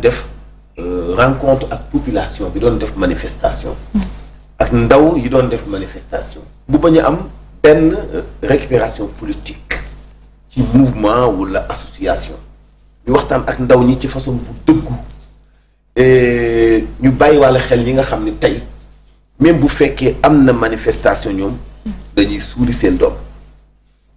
def euh, rencontre ak population bi doon def manifestation ak ndaw yi doon def manifestation bu bañ une am benn euh, récupération politique ci mouvement wala association ñu waxtaan ak ndaw ñi ci façon bu dëggu ñu bàyyi wàlla xel ñi nga xam ne tey même bu fekkee am na manifestation ñoom dañuy suuli seen doom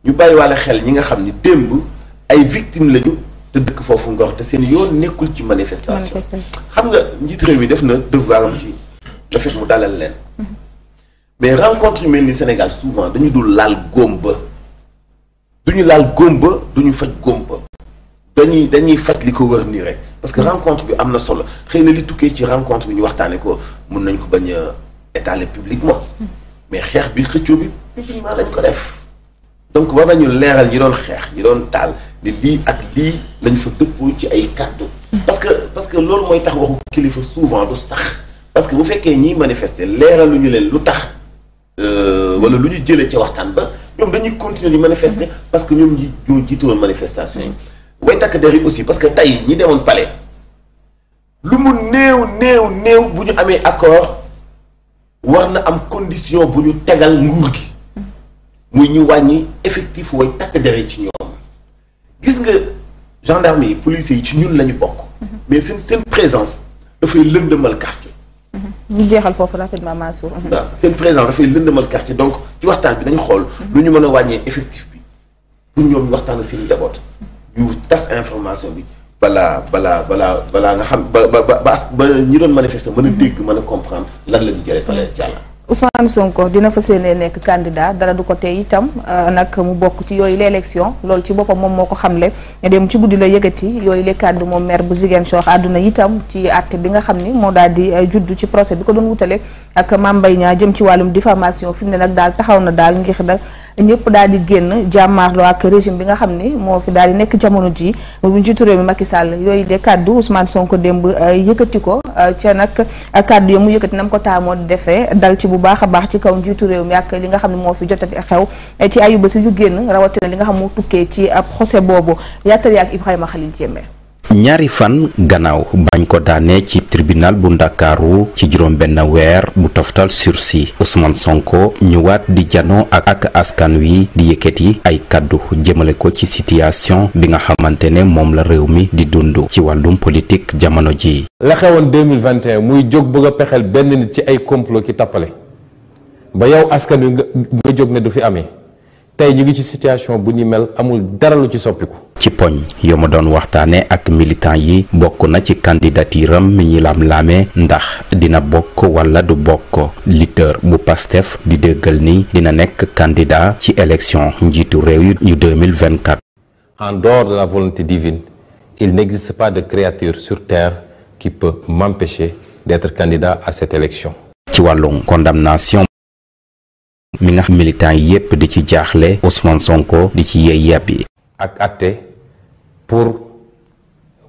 ñu bàyyi wàlla xel ñi nga xam ni démb ay victimes lañu deuk fofu foofu ngor te sen yoon nekul ci manifestation xam nga njit réew mi def na devoir am ci nga mu dalal len mais rencontre yu mel ni senegal souvent dañu dul lal gomba duñu lal gomba duñu faj gomba dañuy dañuy fat li ko wër ni rek parce que mm-hmm. rencontre bi amna solo xeyna li tukkee ci rencontre bi ñu waxtaane ko mun nañ ko bañ a étaler publiquement mm-hmm. mais xex bi xëccoo bi publiquement lañ ko def donc war nañu leeral ñi doon xex ñi doon tal di lii ak lii lañ fa dëppoo ci ay kàddu. parce que parce que loolu mooy tax waxu kilifa souvent du sax parce que bu fekkee ñiy manifester leeralu ñu leen lu tax euh, wala lu ñu jëlee ci waxtaan ba ñoom dañuy continuer di manifester parce que ñoom ñi ñoo jiitoon manifestation yi. way takk der aussi parce que tey ñi demoon palais lu mu néew néew néew bu ñu amee accord war na am condition bu ñu tegal nguur gi muy ñu wàññi effectif way takk der ci ñoom gis nga gendarme yi policiers yi ci ñun la ñu bokk. mais seen seen présence dafay lëndëmal quartier. Mhm. ñu jeexal foofu rapidement Massour. Mhm. waaw seen présence dafay lëndëmal quartier donc ci waxtaan bi dañu xool. lu ñu mën a wàññee effectif bi pour ñoom waxtaan ak seen njaboot. ñu tas information bi. balaa balaa balaa balaa nga xam ba ba ba ñi doon manifester mën a mhm. dégg mën a comprendre lan la ñu jëlee. par exemple Ousmane Sonko dina fa yéene nekk candidat dara du ko tey itam euh, nag mu bokk ci yooyu l'élection loolu ci boppam moom moo ko xamle dem ci guddi la yëkkati yooyu le kàddu moom maire bu Ziguinchor àdduna itam ci àtte bi nga xam ni moo daal di euh, juddu ci procès bi ko doon wutale ak Mame Mbaye Niang jëm ci wàllum diffamation fi mu ne nag daal taxaw na daal ngir nag ñépp daal di génn jàmmaarloo ak régime bi nga xam ni moo fi daal di nekk jamono ji bu njiitu réew mi Macky Sall yooyu de kàddu Ousmane Sonko démb euh, yëkkati ko euh, ca nag kàddu ya mu yëkkati nam ko taamoo defee dal ci bu baax a baax ci kaw njiitu réew mi ak li nga xam ne moo fi jotati xew ci ayubés yu génn rawatina li nga xam moo tukkee ci ab procès boobu ak yaak Ibrahima Khalil Diémé ñaari fan gannaaw bañ ko daanee ci tribunal bu ndakaaru ci juróom benn weer bu toftal sursis Ousmane Sonko ñëwaat di janoo ak ak askan wi di yi ay kàddu jëmale ko ci situation bi nga xamante ne moom la réew mi di dund ci wàllum politique jamono ji la xewoon 2021 muy jóg bëgg a pexeel benn nit ci ay complot ki tappale ba yow askan wi nga jóg ne du fi amee tay ñu ngi ci situation bu ni mel amul dara lu ci soppiku. ci poñ yo ma doon waxtane ak militant yi bokku na ci candidature am mi ñi lam lamé ndax dina bokk wala du bokk leader bu pastef di déggal ni dina nekk candidat ci élection njiitu réew yu 2024. en dehors de la volonté divine il n'existe pas de créature sur terre qui peut m'empêcher d'être candidat à cette élection. ci wàllu condamnation. mi nga xam militant yépp di ci jaaxle Ousmane Sonko di ci yeey yàbbi ak àtte pour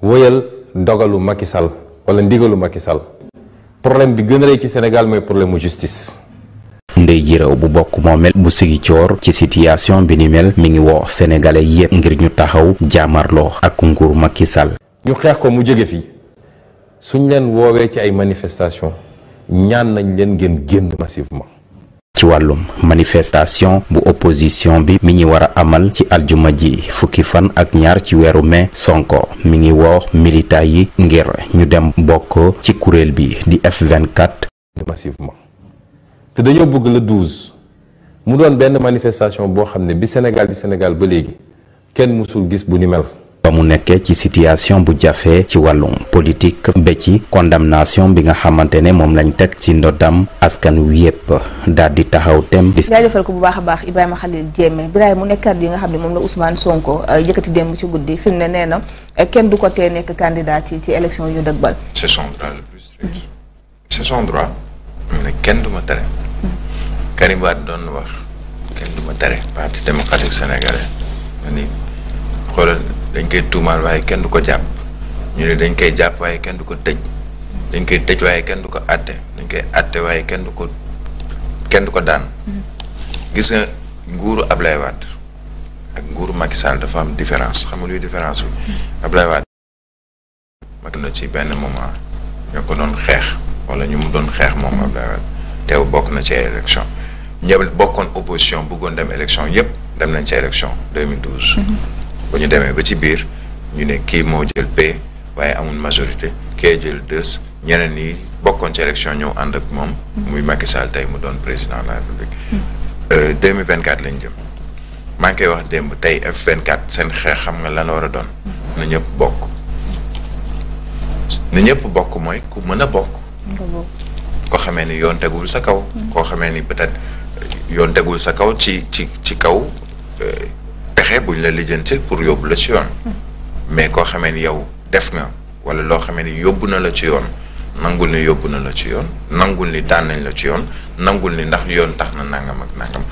wëyal dogalu Macky Sall wala ndigalu Macky Sall problème bi gën a rëy ci Sénégal mooy problème mu justice ndey jëréw bu bokk moomel bu sigi ci situation bi ni mel mi ngi woo sénégalais yépp ngir ñu taxaw jaamarloo ak nguur Macky Sall ñu xeex ko mu jóge fi suñ leen woowee ci ay manifestation ñaan nañ leen ngeen génn massivement ci wàllum manifestation bu opposition bi mi ngi war a amal ci aljuma ji fukki fan ak ñaar ci weeru mai Sonko mi ngi woo militant yi ngir ñu dem bokk ci kuréel bi di F24. massivement te dañoo bëgg le 12 mu doon benn manifestation boo xam ne bi Sénégal di Sénégal ba léegi kenn mësul gis bu ni mel. ba mu nekkee ci situation bu jafe ci wàllum politique ba ci condamnation bi nga xamante ne moom lañ teg ci ndoddam askan wi yëpp daal di taxaw tem di jaajëfal ko bu baax a baax Ibrahima Khalil Diémé Ibrahima mu nekk kàddu yi nga xam ne moom la Ousmane Sonko euh, yëkkati démb ci guddi fi ne nee na euh, kenn du ko tee nekk candidat ci ci élection yu dëgbal c'est son droit le plus son kenn du ma tere Karim Wade dañ koy tuumaal waaye kenn du ko jàpp ñu ne dañ koy jàpp waaye kenn du ko tëj dañ koy tëj waaye kenn du ko àtte dañ koy àtte waaye kenn du ko kenn du ko daan gis nga nguuru Ablaye Wade ak nguuru Macky Sall dafa am différence xam nga différence bi Ablaye Wade mag na ci benn moment ñoo ko doon xeex wala ñu mu doon xeex moom Ablaye Wade teew bokk na ci ay élection ñëpp bokkoon opposition bëggoon dem élection yëpp dem nañ ci élection 2012 ba ñu demee ba ci biir ñu ne kii moo jël P waaye amul majorité kee jël deux ñeneen yi bokkoon ci élection ñëw ànd ak moom. muy Macky Sall tey mu doon président de la République. 2024 euh, lañ jëm maa ngi koy wax démb tey F24 seen xeex xam nga lan la war a doon. na ñëpp bokk. na ñëpp bokk mooy ku mën a bokk. koo xamee ni yoon tegul sa kaw. koo xamee ni peut-être yoon tegul sa kaw ci ci ci kaw euh, fexe buñ la pour yobul la ci yoon. mais ko xamé ni yow def nga wala lo xamé ni yóbbu na la ci yoon nangul ni yóbbu na la ci yoon nangul ni daan nañ la ci yoon nangul ni ndax yoon tax na nangam ak nangam.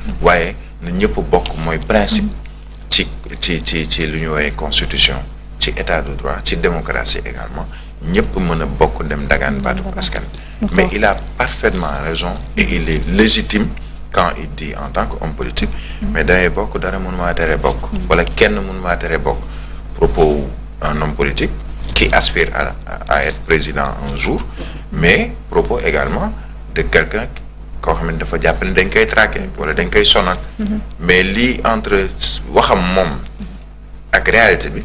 na ñëpp bokk moy principe. ci ci ci ci lu ñu constitution ci état de droit ci démocratie également ñëpp mëna a bokk dem dagan baatu askan mais il a parfaitement raison et il est légitime quand il dit en tant qu'homme politique mais dangay bokk dara mun maa tere bokk wala quel mun maa tere bokk propos un homme politique qui aspire à, à être président un jour mais propos également de quelqu'un qui, xam ne dafa jàpp ne koy traqué wala dañ koy sonné. Mm-hmm. mais lui, entre waxam et ak réalité bi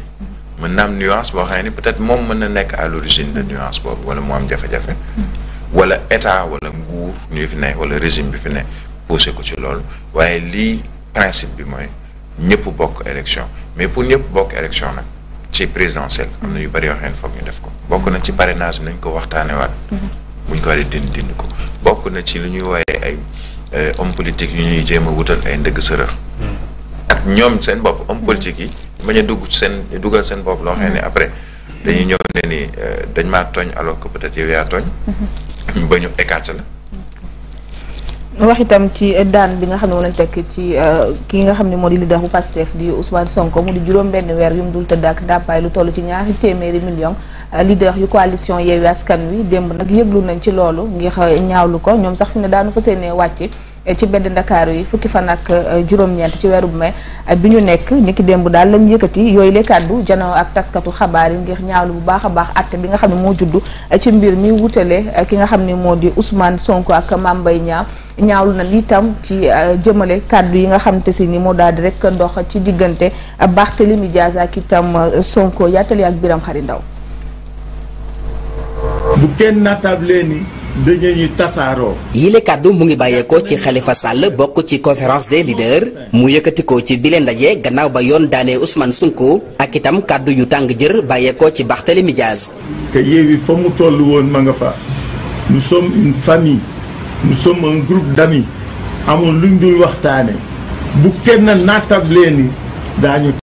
y a nuance peut-être mom il na à l'origine de nuance boobu wala mu am jafe-jafe mm-hmm. wala état wala nguur ñu fi ne wala régime bi fi ne posé ko ci loolu waaye lii principe bi mooy ñëpp bokk élection mais pour ñëpp bokk élection nag ci présidentielle am na yu bari yoo xam ne foog ñu def ko bokk na ci parrainage bi nañ ko waxtaanee waat buñ ko waree dindi dindi ko bokk na ci lu ñuy wooyee ay euh, homme politique yu ñuy jéem a wutal ay ndëgg sërëx ak ñoom seen bopp homme politique yi bañ a dugg seen dugal seen bopp loo xam après dañuy ñëw ne ni euh, dañ maa toñ alors que peut-être yow yaa tooñ mm-hmm. ba ñu écarté wax itam ci daan bi nga xam ne moom lañ tekk ci euh, ki nga xam ne moo di leader bu Pastef di Ousmane Sonko mu di juróom benn weer yu mu dul tëdd ak ndàmpaay lu toll ci ñaari téeméeri million euh, leader yu coalition Yewwi Askan Wi démb nag yëglu nañ ci loolu ngir euh, ñaawlu ko ñoom sax fi ne daanu fa seenee wàcc Eh, ci mbedd ndakaaru yi fukki fan ak eh, juróom-ñeent ci weeru mai eh, bi ñu nekk niki démb daal lañ yëkkati yooyu la kàddu janoo ak taskatu xabaar yi ngir ñaawlu bu baax a baax atte bi nga xam ne moo juddu ci mbir mi wutale ki nga xam ne moo di Ousmane Sonko ak Mame Mbaye Niang ñaawlu na itam ci jëmale kàddu yi nga xam te si ni moo daal di rek ndox ci diggante Barthélémy Dias ak itam Sonko yaatale ak Biram Xari Ndaw bu kenn naatable ni dañuy tasaaroo. yile kàddu mu ngi bàyyeekoo ci Khalifa sàll bokk ci conférence des leaders mu yëkkatikoo ci bile ndaje gannaaw ba yoon daanee Ousmane Sonko ak itam kàddu yu tàng jër bàyyeekoo ci Barthélémy Diaz. que Yewwi fa mu toll woon ma nga fa nous sommes une famille nous sommes un groupe d'amis amul luñ dul waxtaane bu kenn naatable ni daañu.